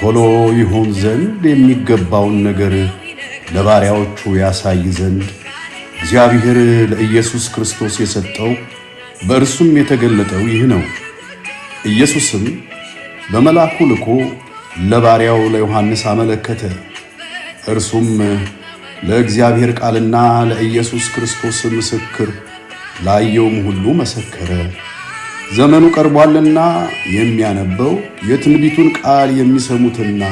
ቶሎ ይሆን ዘንድ የሚገባውን ነገር ለባሪያዎቹ ያሳይ ዘንድ እግዚአብሔር ለኢየሱስ ክርስቶስ የሰጠው በእርሱም የተገለጠው ይህ ነው። ኢየሱስም በመልአኩ ልኮ ለባሪያው ለዮሐንስ አመለከተ። እርሱም ለእግዚአብሔር ቃልና ለኢየሱስ ክርስቶስ ምስክር ላየውም ሁሉ መሰከረ። ዘመኑ ቀርቧልና የሚያነበው የትንቢቱን ቃል የሚሰሙትና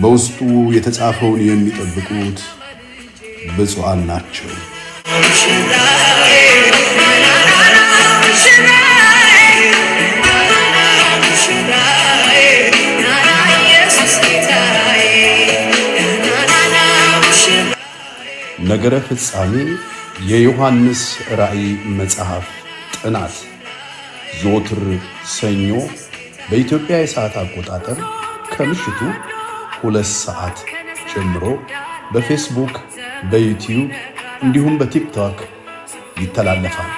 በውስጡ የተጻፈውን የሚጠብቁት ብፁዓን ናቸው። ነገረ ፍጻሜ የዮሐንስ ራእይ መጽሐፍ ጥናት ዞትር ሰኞ በኢትዮጵያ የሰዓት አቆጣጠር ከምሽቱ ሁለት ሰዓት ጀምሮ በፌስቡክ፣ በዩቲዩብ እንዲሁም በቲክቶክ ይተላለፋል።